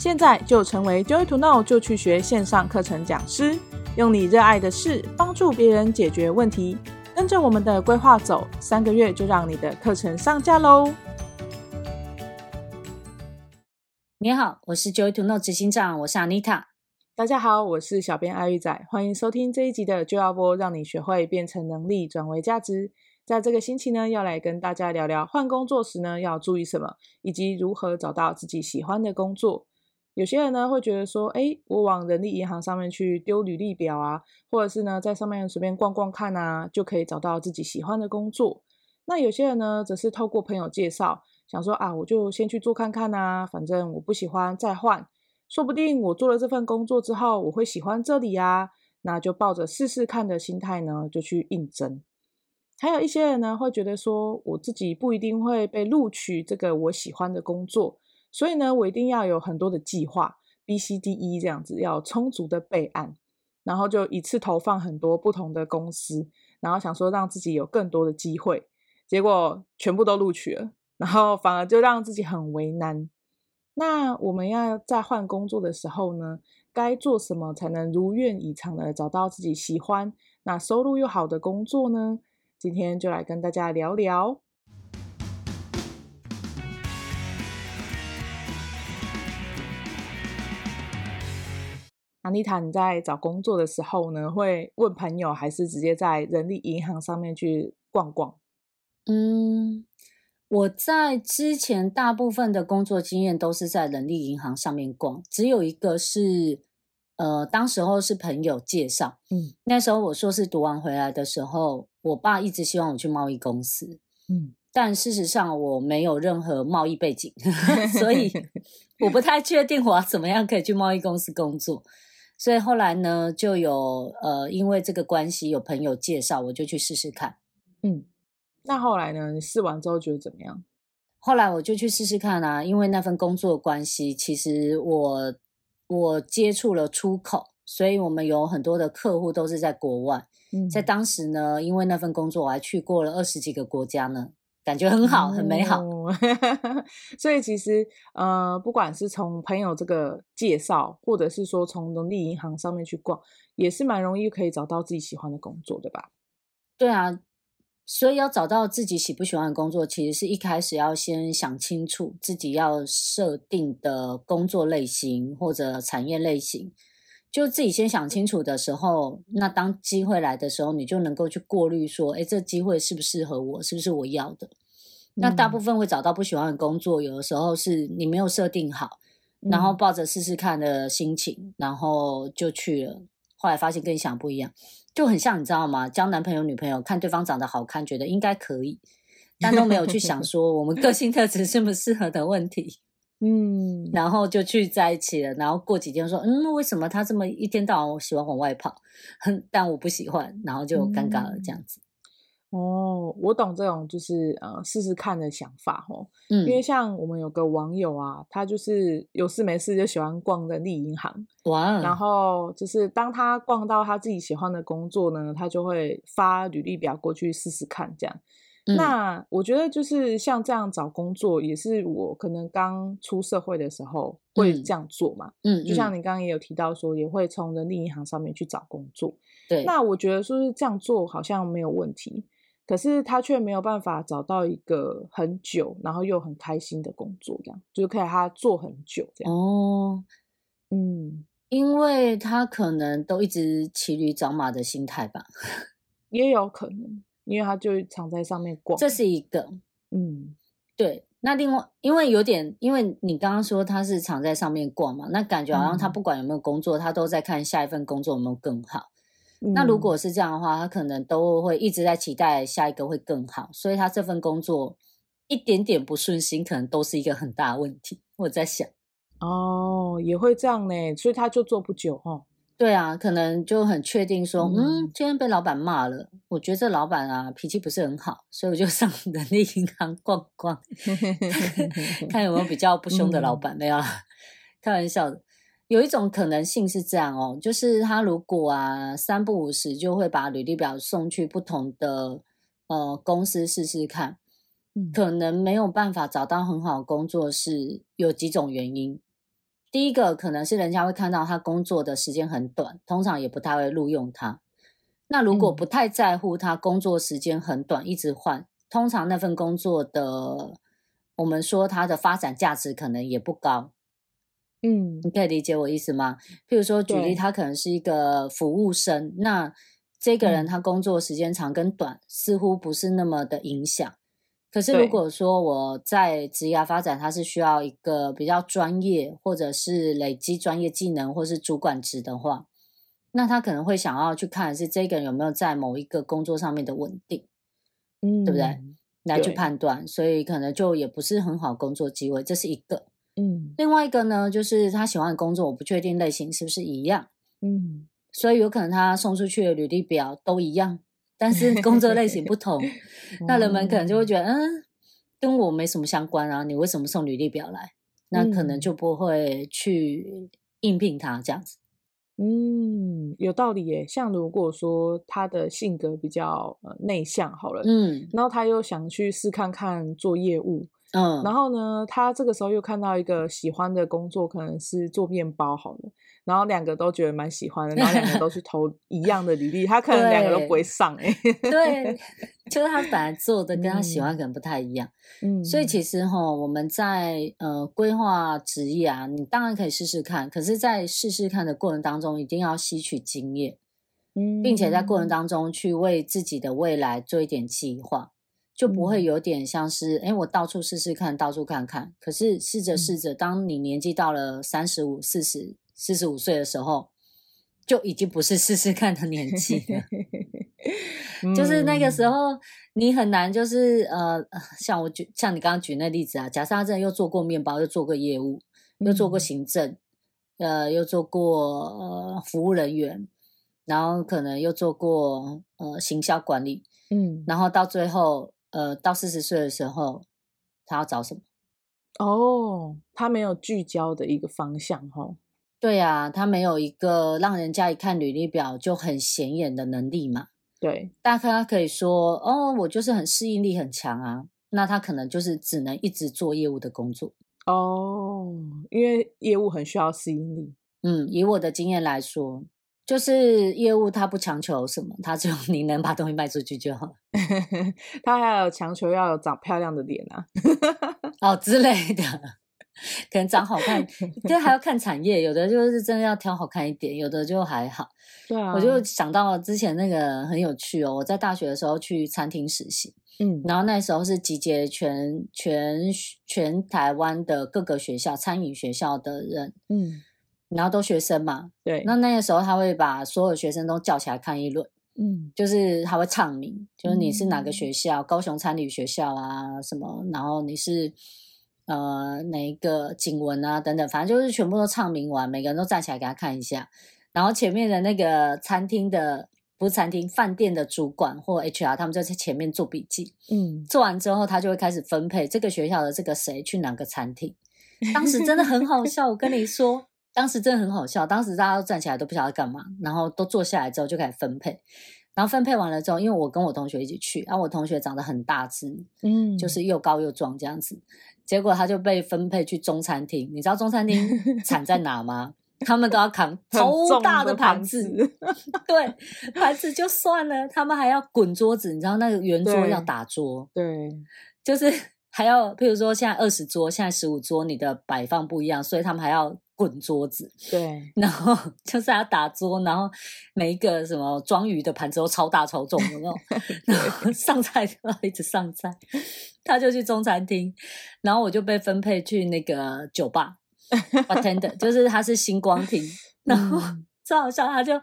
現在就成為 Joy to Know，就去學線上課程講師，用你熱愛的事幫助別人解決問題。跟着我們的規劃走，三個月就讓你的課程上架嘍！你好，我是 Joy to Know 執行長，我是 Anita。大家好，我是小編阿玉仔，歡迎收聽這一集的 Joy 要播，讓你學會變成能力轉為價值。在這個星期呢，要來跟大家聊聊換工作時呢要注意什麼，以及如何找到自己喜歡的工作。有些人呢會覺得說，哎，我往人力銀行上面去丟履歷表啊，或者是呢在上面隨便逛逛看啊，就可以找到自己喜歡的工作。那有些人呢，則是透過朋友介紹，想說啊，我就先去做看看啊，反正我不喜歡再換，說不定我做了這份工作之後，我會喜歡這裡啊，那就抱着試試看的心態呢，就去應徵。還有一些人呢，會覺得說，我自己不一定會被錄取這個我喜歡的工作。所以呢，我一定要有很多的計劃，B、C、D、E 這樣子，要有充足的備案，然後就一次投放很多不同的公司，然後想說讓自己有更多的機會，結果全部都錄取了，然後反而就讓自己很為難。那我們要在換工作的時候呢，該做什麼才能如願以償的找到自己喜歡、那收入又好的工作呢？今天就來跟大家聊聊。你在找工作的時候呢，會問朋友還是直接在人力銀行上面去逛逛？嗯，我在之前大部分的工作經驗都是在人力銀行上面逛，只有一個是，呃，當時候是朋友介紹。嗯，那時候我碩士讀完回來的時候，我爸一直希望我去貿易公司。嗯，但事實上我沒有任何貿易背景， 所以我不太確定我要怎麼樣可以去貿易公司工作。所以後來呢，就有呃，因為這個關係，有朋友介紹，我就去試試看。嗯，那後來呢？你試完之後覺得怎麼樣？後來我就去試試看啊，因為那份工作關係，其實我我接觸了出口，所以我們有很多的客戶都是在國外。嗯，在當時呢，因為那份工作，我還去過了二十幾個國家呢。感覺很好，嗯、很美好。 所以其實，呃，不管是從朋友這個介紹，或者是說從人力銀行上面去逛，也是蠻容易可以找到自己喜歡的工作的吧？對啊，所以要找到自己喜不喜歡的工作，其實是一開始要先想清楚自己要設定的工作類型或者產業類型。就自己先想清楚的時候，那當機會來的時候，你就能夠去過濾說，哎，這機會適不適合我，是不是我要的？那大部分會找到不喜歡的工作，有的時候是你沒有設定好，然後抱着試試看的心情，嗯、然後就去了，後來發現跟你想不一樣，就很像你知道嗎？交男朋友、女朋友，看對方長得好看，覺得應該可以，但都沒有去想說我們個性特質適不適合的問題。 嗯，然後就去在一起了，然後過幾天說，嗯，為什麼他這麼一天到晚喜歡往外跑？哼，但我不喜歡，然後就尷尬了、嗯、這樣子。哦，我懂這種就是呃試試看的想法吼、哦嗯，因為像我們有個網友啊，他就是有事沒事就喜歡逛人力銀行。哇。然後就是當他逛到他自己喜歡的工作呢，他就會發履歷表過去試試看這樣。那我覺得就是像這樣找工作，也是我可能剛出社會的時候會這樣做嘛。嗯嗯。嗯，就像你剛剛也有提到說，也會從人力銀行上面去找工作。對。那我覺得說是，是這樣做好像沒有問題，可是他卻沒有辦法找到一個很久，然後又很開心的工作，這樣就可以他做很久這樣。哦，嗯，因為他可能都一直騎驢找馬的心態吧，也有可能。因為他就常在上面逛，這是一個，嗯，對。那另外，因為有點，因為你剛剛說他是常在上面逛嘛，那感覺好像他不管有沒有工作，嗯，他都在看下一份工作有沒有更好，嗯。那如果是這樣的話，他可能都會一直在期待下一個會更好，所以他這份工作一點點不順心，可能都是一個很大的問題。我在想，哦，也會這樣呢，所以他就做不久哈。哦。對啊，可能就很確定說嗯，嗯，今天被老闆罵了，我覺得這老闆啊脾氣不是很好，所以我就上人力銀行逛逛， 看有沒有比較不凶的老闆。嗯、沒有、啊，開玩笑的。有一種可能性是這樣哦，就是他如果啊三不五時，就會把履歷表送去不同的呃公司試試看，可能沒有辦法找到很好的工作是有幾種原因。第一個可能是人家會看到他工作的時間很短，通常也不太會錄用他。那如果不太在乎他工作時間很短，嗯、一直換，通常那份工作的，我們說他的發展價值可能也不高。嗯，你可以理解我意思嗎？譬如說，舉例他可能是一個服務生，那這個人他工作時間長跟短似乎不是那麼的影響。可是如果說我在職涯發展，他是需要一個比較專業，或者是累積專業技能，或是主管職的話，那他可能會想要去看是這個人有沒有在某一個工作上面的穩定，嗯，對不對？來去判斷，所以可能就也不是很好工作機會，這是一個。嗯，另外一個呢，就是他喜歡的工作，我不確定類型是不是一樣。嗯，所以有可能他送出去的履歷表都一樣。但是工作類型不同， 嗯，那人們可能就會覺得，嗯，跟我沒什麼相關啊，你為什麼送履歷表來？那可能就不會去應聘他這樣子。嗯，有道理耶。像如果說他的性格比較內向，好了，嗯，然後他又想去試看看做業務。嗯，然後呢，他這個時候又看到一個喜歡的工作，可能是做面包好了。然後兩個都覺得蠻喜歡的，然後兩個都去投一樣的履歷， 他可能兩個都不會上哎、欸。對， 對，就是他本來做的跟他喜歡可能不太一樣。嗯，所以其實哈、哦，我們在呃規劃職業啊，你當然可以試試看，可是，在試試看的過程當中，一定要吸取經驗、嗯，並且在過程當中去為自己的未來做一點計劃。就不會有點像是，誒、欸、我到處試試看，到處看看。可是試着試着，當你年紀到了三十五、四十四十五歲的時候，就已經不是試試看的年紀了。 就是那個時候，你很難，就是呃，像我舉，像你剛剛舉那例子啊，假設他真的又做過麵包，又做過業務，又做過行政，嗯、呃，又做過呃服務人員，然後可能又做過呃行銷管理，嗯，然後到最後。呃，到四十歲的時候，他要找什麼？哦、oh,，他沒有聚焦的一個方向齁。對呀、啊，他沒有一個讓人家一看履歷表就很顯眼的能力嘛。對，大家他可以說哦，我就是很適應力很強啊。那他可能就是只能一直做業務的工作哦，oh, 因為業務很需要適應力。嗯，以我的經驗來說。就是業務，他不強求什麼，他就你能把東西賣出去就好了。 他還要強求要長漂亮的臉啊， 哦之類的， 可能長好看，但 還要看產業，有的就是真的要挑好看一點，有的就還好。對啊，我就想到之前那個很有趣哦，我在大學的時候去餐廳實習，嗯，然後那時候是集結全全全台灣的各個學校餐飲學校的人，嗯。然後都學生嘛，對。那那個時候他會把所有學生都叫起來看一輪，嗯，就是他會唱名，就是你是哪個學校，嗯、高雄餐旅學校啊什麼，然後你是呃哪一個景文啊等等，反正就是全部都唱名完，每個人都站起來給他看一下。然後前面的那個餐廳的不是餐廳飯店的主管或 HR，他們就在前面做筆記，嗯，做完之後他就會開始分配這個學校的這個誰去哪個餐廳。當時真的很好笑， 我跟你說。當時真的很好笑，當時大家都站起來都不曉得幹嘛，然後都坐下來之後就開始分配，然後分配完了之後，因為我跟我同學一起去，然、啊、後我同學長得很大只，嗯，就是又高又壯這樣子，結果他就被分配去中餐廳。你知道中餐廳慘在哪嗎？ 他們都要扛超大的盤子，盤子 對，盤子就算了，他們還要滾桌子。你知道那個圓桌要打桌，對，對，就是還要，譬如說現在二十桌，現在十五桌，你的擺放不一樣，所以他們還要。滾桌子，對，然後就是他打桌，然後每一個什麼裝魚的盤子都超大超重的那種， 然後上菜就要一直上菜，他就去中餐廳，然後我就被分配去那個酒吧 attendant 就是他是星光廳， 然後真、嗯、好笑，他就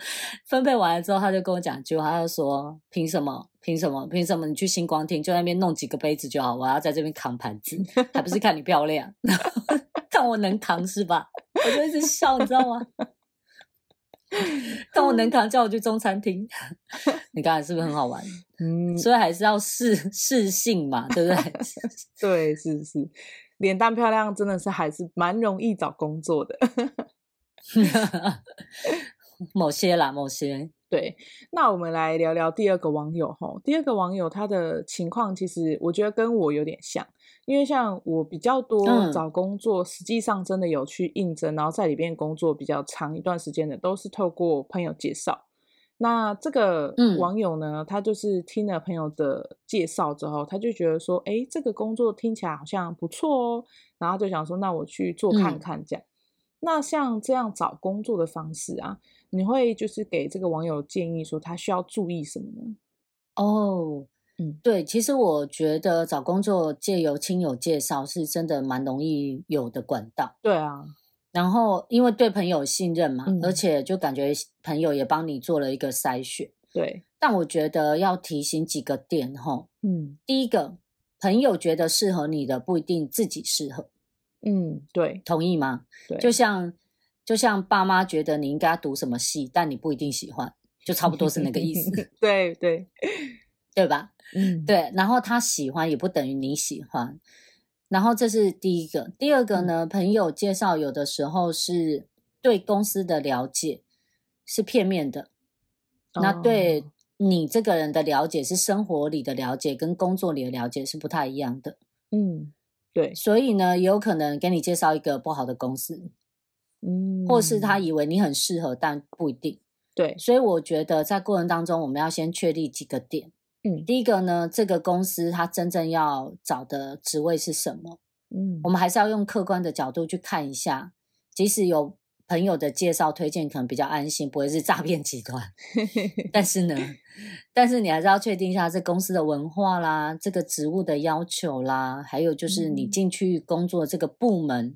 分配完了之後，他就跟我講一句話，就他就說，憑什麼？憑什麼？憑什麼？憑什麼你去星光廳就那邊弄幾個杯子就好，我要在這邊扛盤子，還不是看你漂亮？ 但我能扛，是吧？我就一直笑， 你知道嗎？但我能扛，叫我去中餐廳。 你剛才是不是很好玩？嗯，所以還是要試試性嘛，對不對？ 對，是是，臉蛋漂亮真的是還是蠻容易找工作的， 某些啦，某些。對，那我們來聊聊第二個網友齁，第二個網友他的情況，其實我覺得跟我有點像，因為像我比較多找工作，實際上真的有去應徵、嗯，然後在裡邊工作比較長一段時間的，都是透過朋友介紹。那這個網友呢、嗯，他就是聽了朋友的介紹之後，他就覺得說，誒、欸，這個工作聽起來好像不錯哦、喔，然後就想說，那我去做看看這樣。嗯那像這樣找工作的方式啊，你會就是給這個網友建議說，他需要注意什麼呢？哦、oh,，嗯，對，其實我覺得找工作借由親友介紹是真的蠻容易有的管道。對啊，然後因為對朋友信任嘛，嗯、而且就感覺朋友也幫你做了一個篩選。對，但我覺得要提醒幾個點齁，嗯，第一個，朋友覺得適合你的不一定自己適合。嗯，對，同意嗎？對，就像就像爸媽覺得你應該讀什麼系，但你不一定喜歡，就差不多是那個意思。 對對對吧、嗯？對。然後他喜歡也不等於你喜歡，然後這是第一個。第二個呢，嗯、朋友介紹有的時候是對公司的了解是片面的、哦，那對你這個人的了解是生活裡的了解跟工作裡的了解是不太一樣的。嗯。對，所以呢，也有可能給你介紹一個不好的公司，嗯，或是他以為你很適合，但不一定。對，所以我覺得在過程當中，我們要先確立幾個點。嗯，第一個呢，這個公司它真正要找的職位是什麼？嗯，我們還是要用客觀的角度去看一下，即使有，朋友的介紹推薦可能比較安心，不會是詐騙集團。 但是呢，但是你還是要確定一下這公司的文化啦，這個職務的要求啦，還有就是你進去工作這個部門，嗯、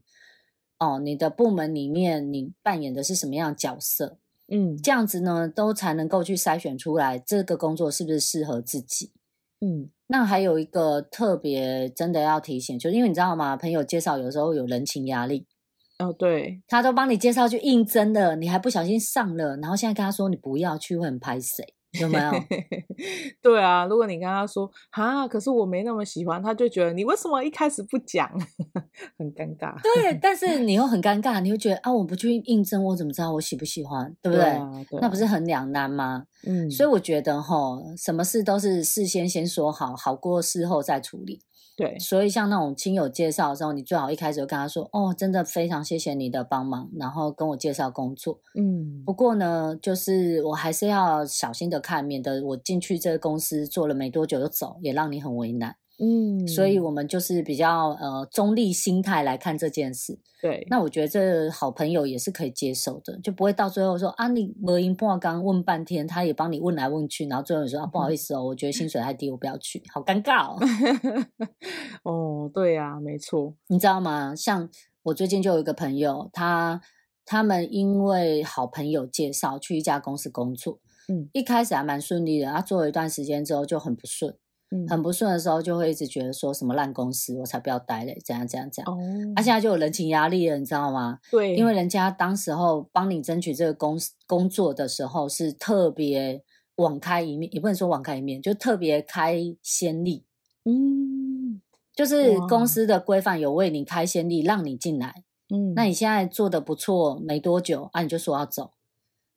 哦，你的部門裡面你扮演的是什麼樣的角色？嗯，這樣子呢，都才能夠去篩選出來這個工作是不是適合自己。嗯，那還有一個特別真的要提醒，就是因為你知道嗎？朋友介紹有時候有人情壓力。哦，對他都幫你介紹去應徵了，你還不小心上了，然後現在跟他說你不要去會很拍謝？有沒有？ 對啊，如果你跟他說哈、啊，可是我沒那麼喜歡，他就覺得你為什麼一開始不講， 很尷尬。對，但是你又很尷尬，你又覺得啊，我不去應徵，我怎麼知道我喜不喜歡？對不對？啊對啊、那不是很兩難嗎？嗯，所以我覺得哈，什麼事都是事先先說好，好過事後再處理。對，所以像那種親友介紹的時候，你最好一開始就跟他說：“哦，真的非常謝謝你的幫忙，然後跟我介紹工作。”嗯，不過呢，就是我還是要小心的看，免得我進去這個公司做了沒多久就走，也讓你很為難。嗯，所以，我們就是比較呃中立心態來看這件事。對，那我覺得這好朋友也是可以接受的，就不會到最後說啊，你摩音破剛問半天，他也幫你問來問去，然後最後說啊，不好意思哦，嗯，我覺得薪水太低，我不要去，好尷尬哦。 哦，對呀，啊，沒錯。你知道嗎？像我最近就有一個朋友，他他們因為好朋友介紹去一家公司工作，嗯，一開始還蠻順利的，他，啊，做了一段時間之後就很不順。很不順的時候，就會一直覺得說什麼爛公司，我才不要待嘞，這樣這樣這樣。他、oh. 啊、現在就有人情壓力了，你知道嗎？對，因為人家當時候幫你爭取這個公司工作的時候，是特別網開一面，也不能說網開一面，就特別開先例。嗯，就是公司的規範有為你開先例，讓你進來。嗯、wow.，那你現在做得不錯，沒多久啊，你就說要走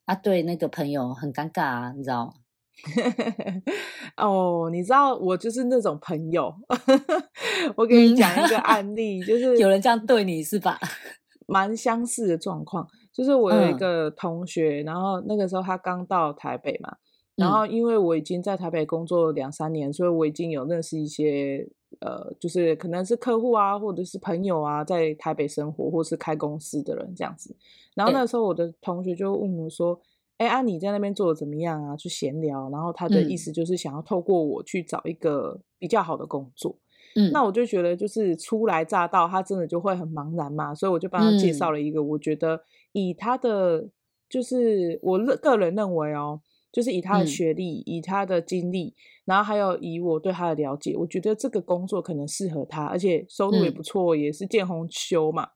啊，對那個朋友很尷尬啊，你知道。 哦，你知道我就是那種朋友， 我給你講一個案例，就是 有人這樣對你是吧？蠻相似的狀況，就是我有一個同學，嗯、然後那個時候他剛到台北嘛，然後因為我已經在台北工作了兩三年，嗯，所以我已經有認識一些呃，就是可能是客戶啊，或者是朋友啊，在台北生活或是開公司的人這樣子。然後那個時候我的同學就問我說，嗯誒、欸、阿、啊，你在那邊做的怎麼樣啊？去閒聊，然後他的意思就是想要透過我去找一個比較好的工作。嗯，那我就覺得就是初來乍到，他真的就會很茫然嘛，所以我就幫他介紹了一個。我覺得以他的就是我個人認為哦、喔，就是以他的學歷、嗯，以他的經歷，然後還有以我對他的了解，我覺得這個工作可能適合他，而且收入也不錯、嗯，也是見紅休嘛。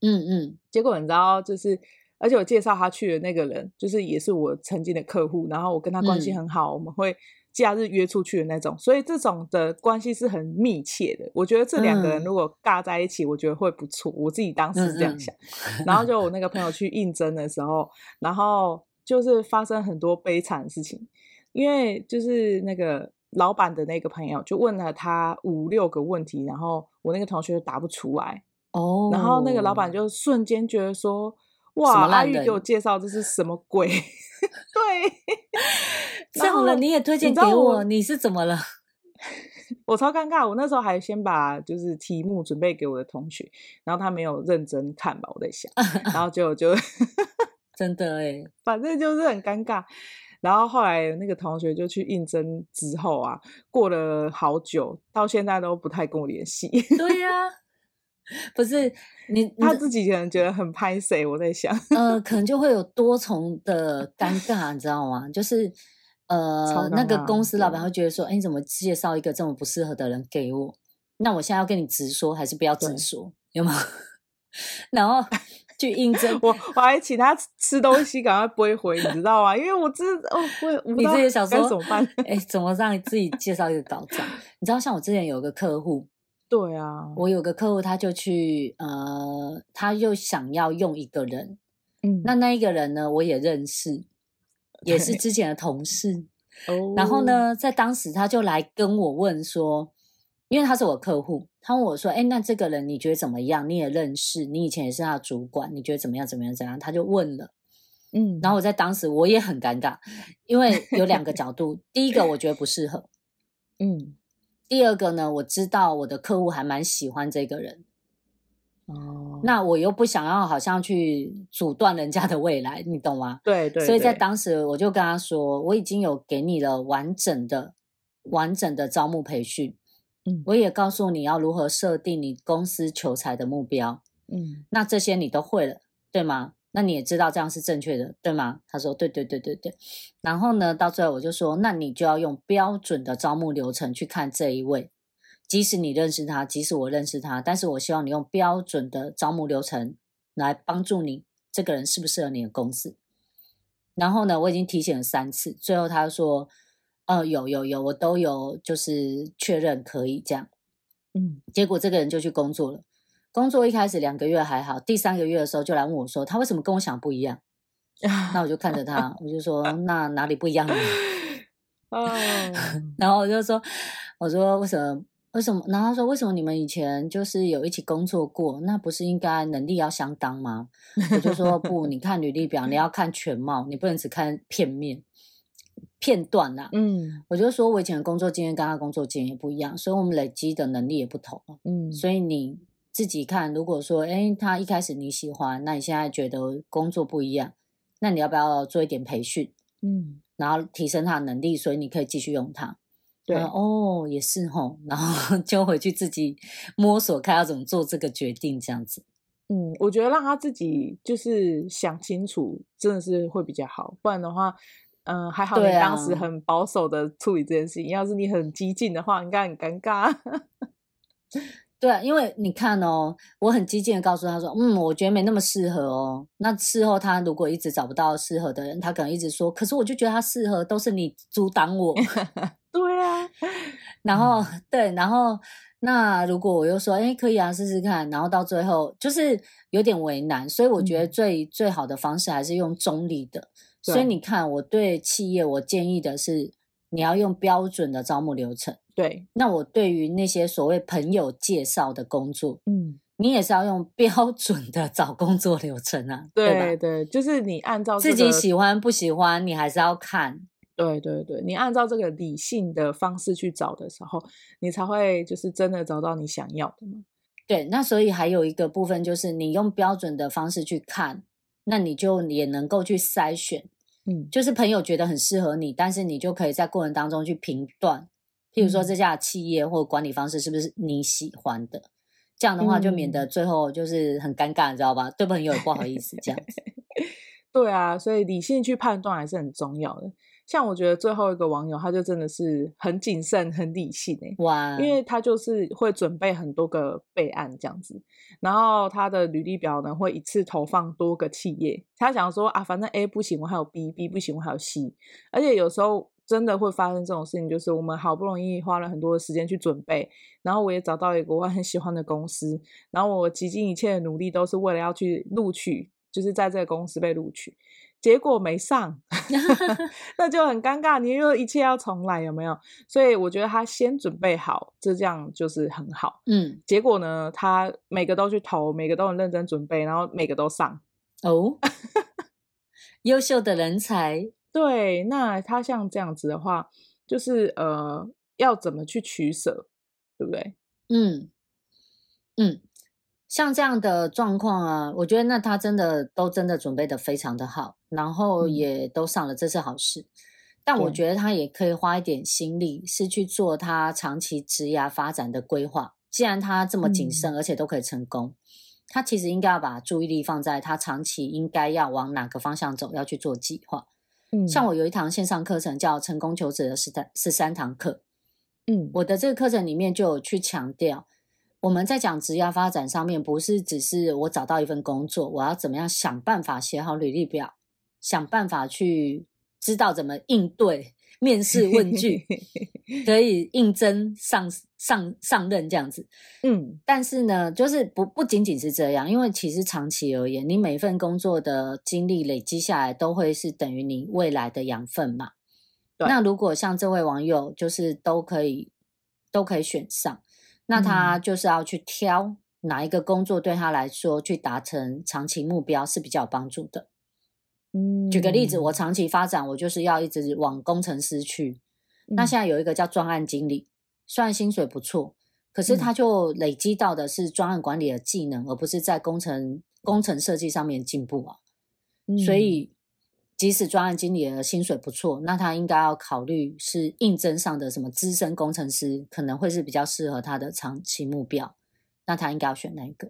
嗯嗯，結果你知道就是。而且我介紹他去的那個人，就是也是我曾經的客戶，然後我跟他關係很好、嗯，我們會假日約出去的那種，所以這種的關係是很密切的。我覺得這兩個人如果尬在一起，我覺得會不錯。我自己當時是這樣想。嗯嗯，然後就我那個朋友去應徵的時候， 然後就是發生很多悲慘的事情，因為就是那個老闆的那個朋友就問了他五六個問題，然後我那個同學就答不出來、哦、然後那個老闆就瞬間覺得說。哇！阿玉給我介紹這是什麼鬼？ 對，最後呢，你也推薦給我，我，你是怎麼了？我超尷尬，我那時候還先把就是題目準備給我的同學，然後他沒有認真看吧，我在想，然後就就 真的哎、欸，反正就是很尷尬。然後後來那個同學就去應徵之後啊，過了好久，到現在都不太跟我聯繫。 對呀、啊。不是你，你，他自己可能覺得很拍謝，我在想，呃，可能就會有多重的尷尬，你知道嗎？ 就是呃，那個公司老闆會覺得說，哎，欸、你怎麼介紹一個這麼不適合的人給我？那我現在要跟你直說，還是不要直說？有沒有？ 然後去應徵， 我我還請他吃東西，趕快撥回，你知道嗎？因為我這哦，會你自己想說怎麼辦？哎、 欸，怎麼讓你自己介紹一個導正？ 你知道，像我之前有個客戶，對啊，我有個客戶，他就去，呃，他又想要用一個人，嗯，那那一個人呢，我也認識，也是之前的同事，然後呢、哦，在當時他就來跟我問說，因為他是我客戶，他問我說，哎、欸，那這個人你覺得怎麼樣？你也認識，你以前也是他的主管，你覺得怎麼樣？怎麼樣？怎麼樣？他就問了，嗯，然後我在當時我也很尷尬，因為有兩個角度， 第一個我覺得不適合，嗯。第二個呢，我知道我的客戶還蠻喜歡這個人，哦、oh.，那我又不想要好像去阻斷人家的未來，你懂嗎？對，對對，所以在當時我就跟他說，我已經有給你了完整的、完整的招募培訓，嗯，我也告訴你要如何設定你公司求才的目標，嗯，那這些你都會了，對嗎？那你也知道這樣是正確的，對嗎？他說：對對對對對。然後呢，到最後我就說：那你就要用標準的招募流程去看這一位，即使你認識他，即使我認識他，但是我希望你用標準的招募流程來幫助你，這個人適不適合你的公司。然後呢，我已經提醒了三次，最後他說：哦、呃，有有有，我都有就是確認可以這樣。嗯，結果這個人就去工作了。工作一開始兩個月還好，第三個月的時候就來問我說，說他為什麼跟我想不一樣？ 那我就看着他，我就說那哪裡不一樣呢？哦 然後我就說，我說為什麼？為什麼？然後他說為什麼你們以前就是有一起工作過，那不是應該能力要相當嗎？ 我就說不，你看履歷表，你要看全貌，你不能只看片面，片段啦、啊。嗯，我就說我以前的工作經驗跟他的工作經驗也不一樣，所以我們累積的能力也不同。嗯，所以你。自己看，如果說，哎、欸，他一開始你喜歡，那你現在覺得工作不一樣，那你要不要做一點培訓？嗯，然後提升他的能力，所以你可以繼續用他。對，哦，也是吼、哦，然後就回去自己摸索，看要怎麼做這個決定，這樣子。嗯，我覺得讓他自己就是想清楚，真的是會比較好。不然的話，嗯、呃，還好你當時很保守的處理這件事情、啊。要是你很激進的話，應該很尷尬。 對啊，因為你看哦，我很激進的告訴他說，嗯，我覺得沒那麼適合哦。那事後他如果一直找不到適合的人，他可能一直說，可是我就覺得他適合，都是你阻擋我。 對啊，然後、嗯、對，然後那如果我又說，哎，可以啊，試試看，然後到最後就是有點為難，所以我覺得最、嗯、最好的方式還是用中立的。所以你看，我對企業我建議的是。你要用標準的招募流程，對。那我對於那些所謂朋友介紹的工作，嗯，你也是要用標準的找工作流程啊，對對對，就是你按照、這個、自己喜歡不喜歡，你還是要看。對對對，你按照這個理性的方式去找的時候，你才會就是真的找到你想要的嘛。對，那所以還有一個部分就是，你用標準的方式去看，那你就也能夠去篩選。嗯，就是朋友覺得很適合你，但是你就可以在過程當中去評斷，譬如說，這家企業或管理方式是不是你喜歡的，這樣的話就免得最後就是很尷尬，你、嗯、知道吧？對朋友也不好意思這樣子。 對啊，所以理性去判斷還是很重要的。像我覺得最後一個網友，他就真的是很謹慎、很理性欸。Wow. 因為他就是會準備很多個備案這樣子，然後他的履歷表呢會一次投放多個企業。他想說啊，反正 A 不行，我還有 B；B 不行，我還有 C。而且有時候真的會發生這種事情，就是我們好不容易花了很多的時間去準備，然後我也找到一個我很喜歡的公司，然後我竭盡一切的努力都是為了要去錄取，就是在這個公司被錄取。結果沒上， 那就很尷尬，你又一切要重來，有沒有？所以我覺得他先準備好，這樣就是很好。嗯，結果呢，他每個都去投，每個都很認真準備，然後每個都上。哦， 優秀的人才。對，那他像這樣子的話，就是呃，要怎麼去取舍，對不對？嗯嗯。像這樣的狀況啊，我覺得那他真的都真的準備的非常的好，然後也都上了，這是好事，嗯。但我覺得他也可以花一點心力，是去做他長期職業發展的規劃。既然他這麼謹慎，嗯，而且都可以成功，他其實應該要把注意力放在他長期應該要往哪個方向走，要去做計劃。嗯，像我有一堂線上課程叫《成功求職的十三十三堂課》，嗯，我的這個課程裡面就有去強調。我們在講職業發展上面，不是只是我找到一份工作，我要怎麼樣想辦法寫好履歷表，想辦法去知道怎麼應對面試問句，可以應徵上 上上，上任這樣子。嗯，但是呢，就是不不僅僅是這樣，因為其實長期而言，你每一份工作的經歷累積下來，都會是等於你未來的養分嘛。對。那如果像這位網友，就是都可以都可以選上。那他就是要去挑哪一個工作對他來說去達成長期目標是比較有幫助的。嗯，舉個例子，我長期發展，我就是要一直往工程師去。嗯，那現在有一個叫專案經理，雖然薪水不錯，可是他就累積到的是專案管理的技能，嗯，而不是在工程工程設計上面進步啊。嗯，所以。即使專案經理的薪水不錯，那他應該要考慮是應徵上的什麼資深工程師，可能會是比較適合他的長期目標。那他應該要選哪一個？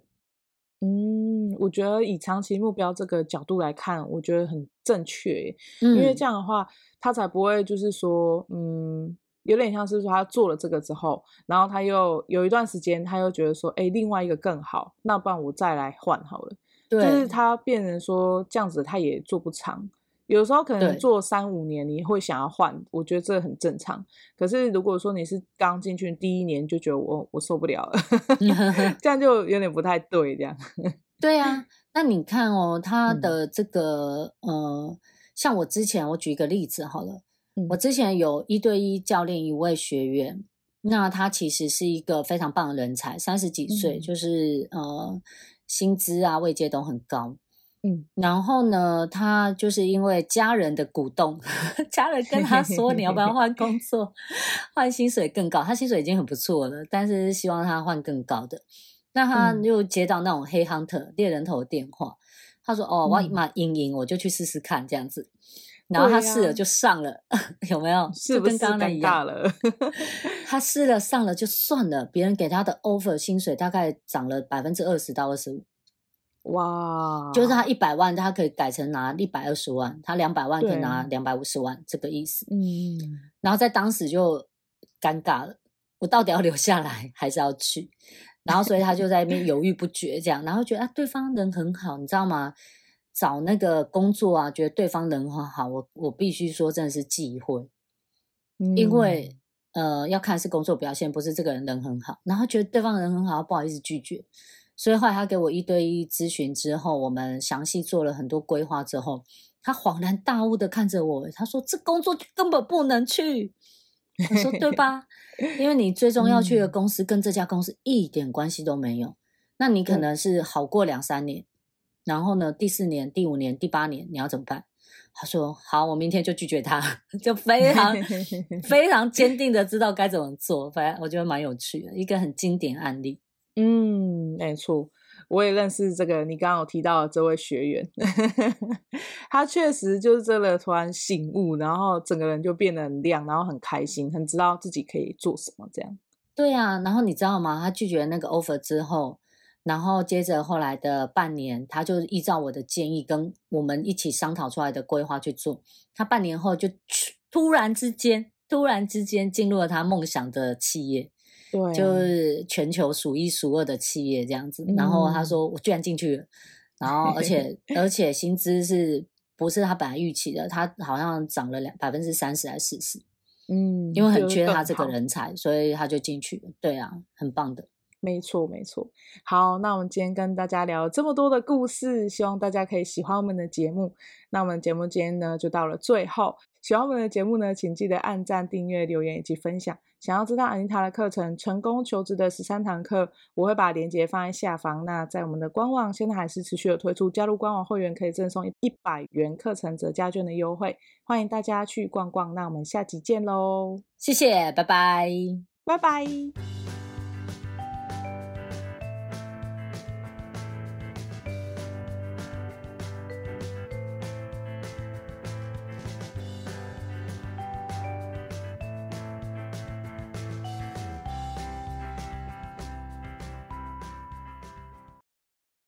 嗯，我覺得以長期目標這個角度來看，我覺得很正確耶，嗯。因為這樣的話，他才不會就是說，嗯，有點像是說他做了這個之後，然後他又有一段時間，他又覺得說，哎、欸，另外一個更好，那不然我再來換好了。對，就是他變成說這樣子，他也做不長。有時候可能做三五年，你會想要換，我覺得這很正常。可是如果說你是剛進去第一年就覺得我我受不了了， 這樣就有點不太對，這樣。 對啊，那你看哦，他的這個、嗯、呃，像我之前我舉一個例子好了、嗯，我之前有一對一教練一位學員，那他其實是一個非常棒的人才，三十幾歲，嗯、就是呃，薪資啊、位階都很高。嗯，然後呢，他就是因為家人的鼓動，家人跟他說，你要不要換工作， 換薪水更高？他薪水已經很不錯了，但是希望他換更高的。那他又接到那種 head hunter、嗯、獵人頭的電話，他說：“哦，嗯、我買應應，我就去試試看這樣子。”然後他試了就上了，啊、 有沒有？是不是就跟剛剛剛一樣是是了？ 他試了上了就算了，別人給他的 offer 薪水大概漲了百分之二十到二十五。哇、wow，就是他一百萬，他可以改成拿一百二十萬，他兩百萬可以拿兩百五十萬，這個意思。嗯，然後在當時就尷尬了，我到底要留下來還是要去？然後所以他就在那邊猶豫不決，這樣， 然後覺得、啊、對方人很好，你知道嗎？找那個工作啊，覺得對方人很好，我我必須說真的是忌諱，因為、嗯、呃要看是工作表現，不是這個人人很好。然後覺得對方人很好，不好意思拒絕。所以後來他給我一對一諮詢之後，我們詳細做了很多規劃之後，他恍然大悟的看着我，他說：“這工作根本不能去。”我說：“ 對吧？因為你最終要去的公司跟這家公司一點關係都沒有。嗯、那你可能是好過兩三年、嗯，然後呢，第四年、第五年、第八年你要怎麼辦？”他說：“好，我明天就拒絕他， 就非常 非常堅定的知道該怎麼做。”反正我覺得蠻有趣的，一個很經典案例。嗯。沒錯，我也認識這個。你剛剛有提到的這位學員， 他確實就是這個突然醒悟，然後整個人就變得很亮，然後很開心，很知道自己可以做什麼這樣。對啊，然後你知道嗎？他拒絕了那個 offer 之後，然後接着後來的半年，他就依照我的建議跟我們一起商討出來的規劃去做。他半年後就突然之間，突然之間進入了他夢想的企業。對、啊，就是全球數一數二的企業這樣子。嗯、然後他說，我居然進去了。嗯、然後而且 而且薪資是不是他本來預期的？他好像漲了兩百分之三十還是四十？嗯，因為很缺他這個人才、就是，所以他就進去了。對啊，很棒的，沒錯沒錯。好，那我們今天跟大家聊這麼多的故事，希望大家可以喜歡我們的節目。那我們節目今天呢，就到了最後。喜歡我們的節目呢，請記得按讚、訂閱、留言以及分享。想要知道安妮塔的課程《成功求職的十三堂課》，我會把鏈接放在下方。那在我們的官網，現在還是持續有推出，加入官網會員可以贈送一百元課程折價券的優惠，歡迎大家去逛逛。那我們下期見嘍！謝謝，拜拜，拜拜。